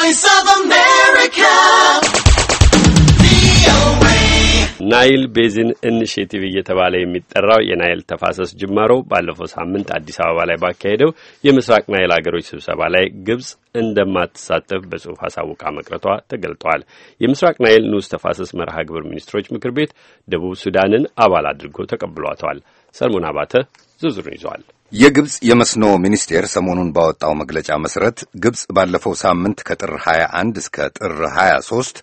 Voice of America. ናይል ቤዝን ኢኒሼቲቭ እየተባለ የሚጠራው የናይል ተፋሰስ ጅማሮ ባለፈው ሳምንት አዲስ አበባ ላይ ባካሄደው የምስራቅ ናይል ሀገሮች ስብሰባ ላይ ግብጽ እንደማትሳተፍ በጽሑፍ አሳውቃ መቅረቷ ተገልጧል። የምስራቅ ናይል ንዑስ ተፋሰስ መርሃ ግብር ሚኒስትሮች ምክር ቤት ደቡብ ሱዳንን አባል አድርጎ ተቀብሏቷል። ሰለሞን አባተ ዝርዝሩን ይዟል። የግብፅ የመስኖ ሚኒስቴር ሰሞኑን ባወጣው መግለጫ መሠረት ግብፅ ባለፈው ሳምንት ከጥር 21 እስከ ጥር 23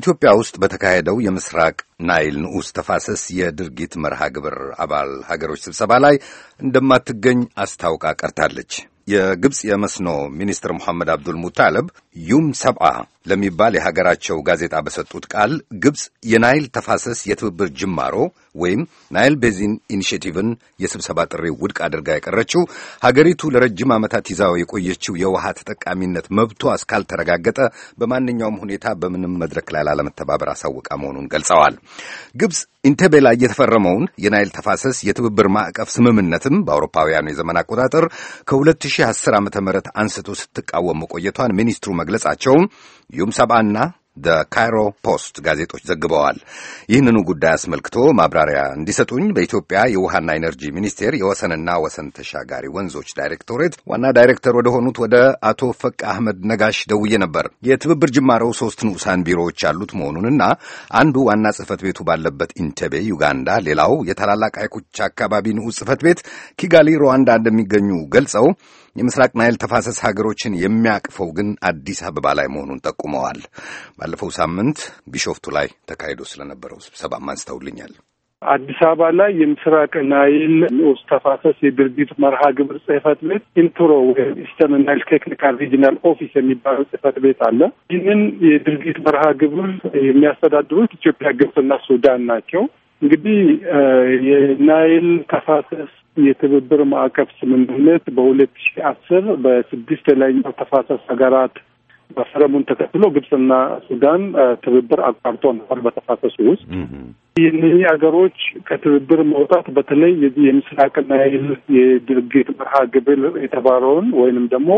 ኢትዮጵያ ውስጥ በተካሄደው የምስራቅ ናይል ንዑስ ተፋሰስ የድርጊት መርሃ ግብር አባል ሀገሮች ስብሰባ ላይ እንደማትገኝ አስታውቃ ቀርታለች። የግብፅ የመስኖ ሚኒስትር መሐመድ አብዱል ሙታለብ ዩም ሰብአ ለሚባል የሀገራቸው ጋዜጣ በሰጡት ቃል ግብፅ የናይል ተፋሰስ የትብብር ጅማሮ ወይም ናይል ቤዚን ኢኒሽቲቭን የስብሰባ ጥሪ ውድቅ አድርጋ የቀረችው ሀገሪቱ ለረጅም ዓመታት ይዛው የቆየችው የውሃ ተጠቃሚነት መብቶ እስካልተረጋገጠ በማንኛውም ሁኔታ በምንም መድረክ ላይ ላለመተባበር አሳውቃ መሆኑን ገልጸዋል። ግብፅ ኢንቴቤ ላይ የተፈረመውን የናይል ተፋሰስ የትብብር ማዕቀፍ ስምምነትም በአውሮፓውያኑ የዘመን አቆጣጠር ከ2010 ዓ ም አንስቶ ስትቃወም መቆየቷን ሚኒስትሩ መግለጻቸውን ዩም ደ ካይሮ ፖስት ጋዜጦች ዘግበዋል። ይህንኑ ጉዳይ አስመልክቶ ማብራሪያ እንዲሰጡኝ በኢትዮጵያ የውሃና ኤነርጂ ሚኒስቴር የወሰንና ወሰን ተሻጋሪ ወንዞች ዳይሬክቶሬት ዋና ዳይሬክተር ወደ ሆኑት ወደ አቶ ፈቅ አህመድ ነጋሽ ደውዬ ነበር። የትብብር ጅማሬው ሶስት ንዑሳን ቢሮዎች ያሉት መሆኑንና አንዱ ዋና ጽህፈት ቤቱ ባለበት ኢንቴቤ ዩጋንዳ፣ ሌላው የታላላቅ ሐይቆች አካባቢ ንዑስ ጽህፈት ቤት ኪጋሊ ሩዋንዳ እንደሚገኙ ገልጸው የምስራቅ ናይል ተፋሰስ ሀገሮችን የሚያቅፈው ግን አዲስ አበባ ላይ መሆኑን ጠቁመዋል። ባለፈው ሳምንት ቢሾፍቱ ላይ ተካሂዶ ስለነበረው ስብሰባም አንስተውልኛል። አዲስ አበባ ላይ የምስራቅ ናይል ንዑስ ተፋሰስ የድርጊት መርሃ ግብር ጽህፈት ቤት ኢንትሮ ወይም ኢስተርን ናይል ቴክኒካል ሪጂናል ኦፊስ የሚባለው ጽህፈት ቤት አለ። ይህንን የድርጊት መርሃ ግብር የሚያስተዳድሩት ኢትዮጵያ፣ ግብፅና ሱዳን ናቸው። እንግዲህ የናይል ተፋሰስ የትብብር ማዕቀፍ ስምምነት በሁለት ሺ አስር በስድስት የላይኛው ተፋሰስ ሀገራት መፈረሙን ተከትሎ ግብጽና ሱዳን ትብብር አቋርጦ ነበር በተፋሰሱ ውስጥ። እነዚህ ሀገሮች ከትብብር መውጣት በተለይ የምስራቅና የድርጊት መርሃ ግብር የተባለውን ወይንም ደግሞ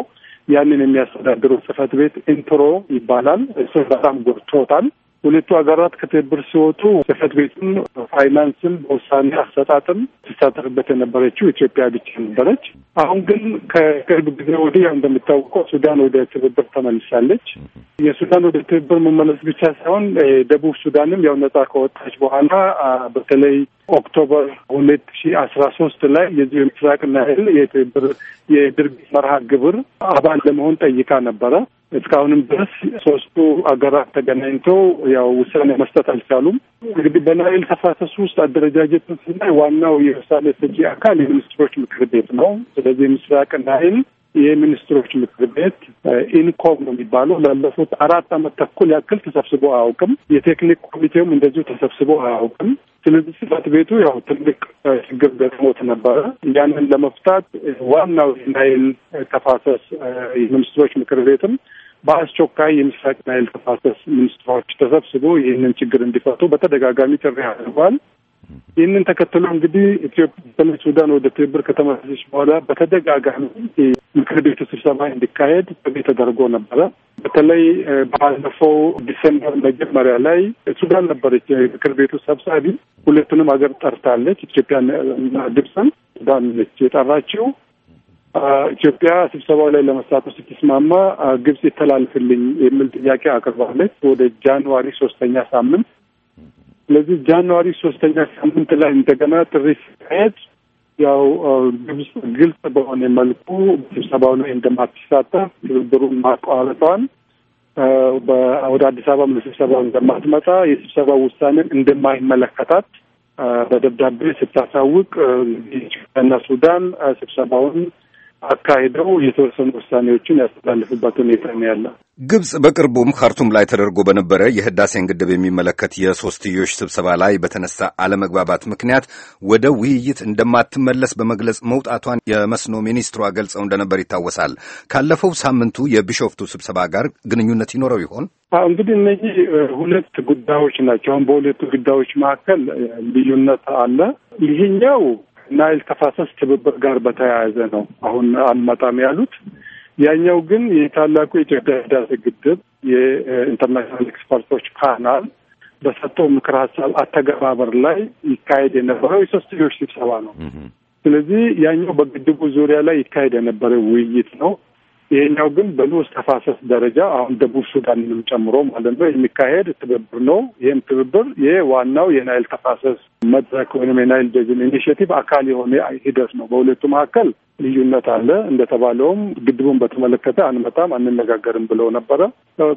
ያንን የሚያስተዳድሩ ጽህፈት ቤት ኢንትሮ ይባላል። እሱ በጣም ጎድቶታል። ሁለቱ ሀገራት ከትብብር ሲወጡ ጽህፈት ቤቱን ፋይናንስም በውሳኔ አሰጣጥም ትሳተፍበት የነበረችው ኢትዮጵያ ብቻ ነበረች። አሁን ግን ከቅርብ ጊዜ ወዲህ ያው እንደሚታወቀው ሱዳን ወደ ትብብር ተመልሳለች። የሱዳን ወደ ትብብር መመለስ ብቻ ሳይሆን ደቡብ ሱዳንም ያው ነጻ ከወጣች በኋላ በተለይ ኦክቶበር ሁለት ሺ አስራ ሶስት ላይ የዚህ የምስራቅ ናይል የትብብር የድርጊት መርሃ ግብር አባል ለመሆን ጠይቃ ነበረ። እስካሁንም ድረስ ሶስቱ አገራት ተገናኝቶ ያው ውሳኔ መስጠት አልቻሉም። እንግዲህ በናይል ተፋሰሱ ውስጥ አደረጃጀትን ስናይ ዋናው የውሳኔ ሰጪ አካል የሚኒስትሮች ምክር ቤት ነው። ስለዚህ ምስራቅ ናይል የሚኒስትሮች ምክር ቤት ኢንኮም ነው የሚባለው ላለፉት አራት ዓመት ተኩል ያክል ተሰብስቦ አያውቅም። የቴክኒክ ኮሚቴውም እንደዚሁ ተሰብስቦ አያውቅም። ስለዚህ ጽሕፈት ቤቱ ያው ትልቅ ችግር ገጥሞት ነበረ። ያንን ለመፍታት ዋናው የናይል ተፋሰስ የሚኒስትሮች ምክር ቤትም በአስቸኳይ የምስራቅ ናይል ተፋሰስ ሚኒስትሮች ተሰብስቦ ይህንን ችግር እንዲፈቱ በተደጋጋሚ ጥሪ አድርጓል። ይህንን ተከትሎ እንግዲህ ኢትዮጵያ ሱዳን ወደ ትብብር ከተመለሰች በኋላ በተደጋጋሚ ምክር ቤቱ ስብሰባ እንዲካሄድ ጥሪ ተደርጎ ነበረ። በተለይ ባለፈው ዲሴምበር መጀመሪያ ላይ ሱዳን ነበረች ምክር ቤቱ ሰብሳቢ። ሁለቱንም ሀገር ጠርታለች። ኢትዮጵያና ግብፅን ሱዳን ነች የጠራችው። ኢትዮጵያ ስብሰባው ላይ ለመሳተፍ ስትስማማ ግብጽ ይተላልፍልኝ የሚል ጥያቄ አቅርባለች። ወደ ጃንዋሪ ሶስተኛ ሳምንት ስለዚህ ጃንዋሪ ሶስተኛ ሳምንት ላይ እንደገና ጥሪ ሲካሄድ ያው ግብጽ ግልጽ በሆነ መልኩ ስብሰባው ላይ እንደማትሳተፍ ትብብሩን ማቋረጠዋል ወደ አዲስ አበባ ለስብሰባው እንደማትመጣ የስብሰባ ውሳኔን እንደማይመለከታት በደብዳቤ ስታሳውቅ ኢትዮጵያና ሱዳን ስብሰባውን አካሂደው የተወሰኑ ውሳኔዎችን ያስተላልፍበት ሁኔታ ነው ያለ። ግብጽ በቅርቡም ካርቱም ላይ ተደርጎ በነበረ የህዳሴን ግድብ የሚመለከት የሶስትዮሽ ስብሰባ ላይ በተነሳ አለመግባባት ምክንያት ወደ ውይይት እንደማትመለስ በመግለጽ መውጣቷን የመስኖ ሚኒስትሯ ገልጸው እንደነበር ይታወሳል። ካለፈው ሳምንቱ የቢሾፍቱ ስብሰባ ጋር ግንኙነት ይኖረው ይሆን? እንግዲህ እነዚህ ሁለት ጉዳዮች ናቸው። አሁን በሁለቱ ጉዳዮች መካከል ልዩነት አለ። ይሄኛው ናይል ተፋሰስ ትብብር ጋር በተያያዘ ነው አሁን አንመጣም ያሉት። ያኛው ግን የታላቁ የኢትዮጵያ ህዳሴ ግድብ የኢንተርናሽናል ኤክስፐርቶች ፓናል በሰጠው ምክር ሀሳብ አተገባበር ላይ ይካሄድ የነበረው የሶስትዮሽ ስብሰባ ነው። ስለዚህ ያኛው በግድቡ ዙሪያ ላይ ይካሄድ የነበረ ውይይት ነው። ይሄኛው ግን በሉስ ተፋሰስ ደረጃ አሁን ደቡብ ሱዳንንም ጨምሮ ማለት ነው የሚካሄድ ትብብር ነው። ይህም ትብብር የዋናው ዋናው የናይል ተፋሰስ መድረክ ወይም የናይል ዴዝን ኢኒሽቲቭ አካል የሆነ ሂደት ነው። በሁለቱ መካከል ልዩነት አለ። እንደተባለውም ግድቡን በተመለከተ አንመጣም፣ አንነጋገርም ብለው ነበረ።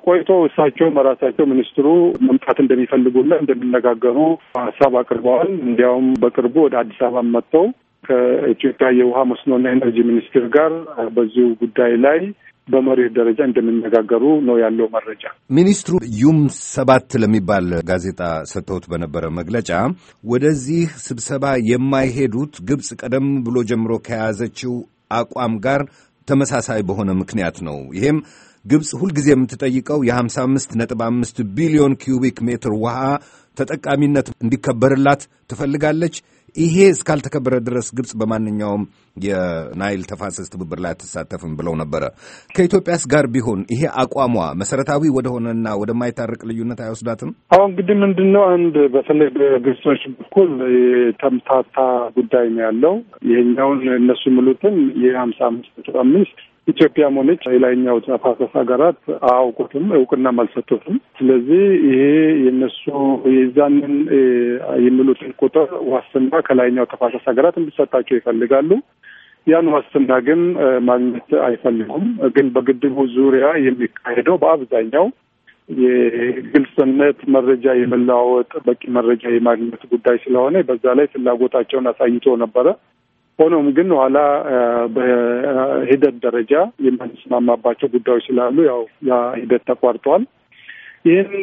ቆይቶ እሳቸውም ራሳቸው ሚኒስትሩ መምጣት እንደሚፈልጉና እንደሚነጋገሩ ሀሳብ አቅርበዋል። እንዲያውም በቅርቡ ወደ አዲስ አበባ መጥተው ከኢትዮጵያ የውሃ መስኖና ኤነርጂ ሚኒስቴር ጋር በዚሁ ጉዳይ ላይ በመሪህ ደረጃ እንደሚነጋገሩ ነው ያለው መረጃ። ሚኒስትሩ ዩም ሰባት ለሚባል ጋዜጣ ሰጥተውት በነበረ መግለጫ ወደዚህ ስብሰባ የማይሄዱት ግብፅ ቀደም ብሎ ጀምሮ ከያዘችው አቋም ጋር ተመሳሳይ በሆነ ምክንያት ነው። ይሄም ግብፅ ሁልጊዜ የምትጠይቀው የ55 ነጥብ 5 ቢሊዮን ኪዩቢክ ሜትር ውሃ ተጠቃሚነት እንዲከበርላት ትፈልጋለች። ይሄ እስካልተከበረ ድረስ ግብጽ በማንኛውም የናይል ተፋሰስ ትብብር ላይ አትሳተፍም ብለው ነበረ። ከኢትዮጵያስ ጋር ቢሆን ይሄ አቋሟ መሰረታዊ ወደሆነና ወደማይታርቅ ልዩነት አይወስዳትም? አሁን እንግዲህ ምንድን ነው አንድ በተለይ በግብጾች በኩል የተምታታ ጉዳይ ነው ያለው። ይሄኛውን እነሱ ምሉትን የሀምሳ አምስት አምስት ኢትዮጵያም ሆነች የላይኛው ተፋሰስ ሀገራት አያውቁትም፣ እውቅናም አልሰጡትም። ስለዚህ ይሄ የነሱ የዛንን የሚሉትን ቁጥር ዋስትና ከላይኛው ተፋሰስ ሀገራት እንዲሰጣቸው ይፈልጋሉ። ያን ዋስትና ግን ማግኘት አይፈልጉም። ግን በግድቡ ዙሪያ የሚካሄደው በአብዛኛው የግልጽነት መረጃ የመለዋወጥ በቂ መረጃ የማግኘት ጉዳይ ስለሆነ በዛ ላይ ፍላጎታቸውን አሳይቶ ነበረ። ሆኖም ግን ኋላ በሂደት ደረጃ የምንስማማባቸው ጉዳዮች ስላሉ ያው ያ ሂደት ተቋርጧል። ይህን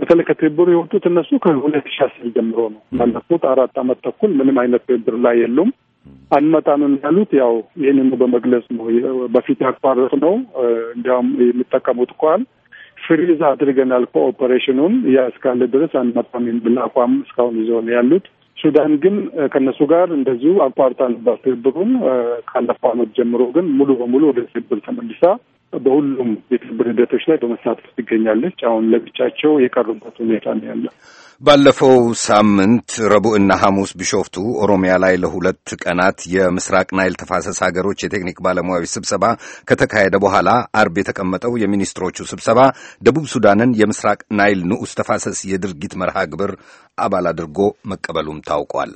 በተለይ ከትብብሩ የወጡት እነሱ ከሁለት ሺህ አስር ጀምሮ ነው። ባለፉት አራት አመት ተኩል ምንም አይነት ትብብር ላይ የሉም። አንመጣም ያሉት ያው ይህንኑ በመግለጽ ነው። በፊት ያቋረጥ ነው። እንዲያውም የሚጠቀሙት ቃል ፍሪዝ አድርገናል ኮኦፐሬሽኑን ያ እስካለ ድረስ አንመጣም ብላ አቋም እስካሁን ይዘው ነው ያሉት። ሱዳን ግን ከእነሱ ጋር እንደዚሁ አቋርጣ ነበር ትብብሩን። ካለፈው ዓመት ጀምሮ ግን ሙሉ በሙሉ ወደ ትብብር ተመልሳ በሁሉም የትብብር ሂደቶች ላይ በመሳተፍ ትገኛለች። አሁን ለብቻቸው የቀሩበት ሁኔታ ነው ያለ። ባለፈው ሳምንት ረቡዕና ሐሙስ ቢሾፍቱ ኦሮሚያ ላይ ለሁለት ቀናት የምስራቅ ናይል ተፋሰስ ሀገሮች የቴክኒክ ባለሙያዎች ስብሰባ ከተካሄደ በኋላ አርብ የተቀመጠው የሚኒስትሮቹ ስብሰባ ደቡብ ሱዳንን የምስራቅ ናይል ንዑስ ተፋሰስ የድርጊት መርሃ ግብር አባል አድርጎ መቀበሉም ታውቋል።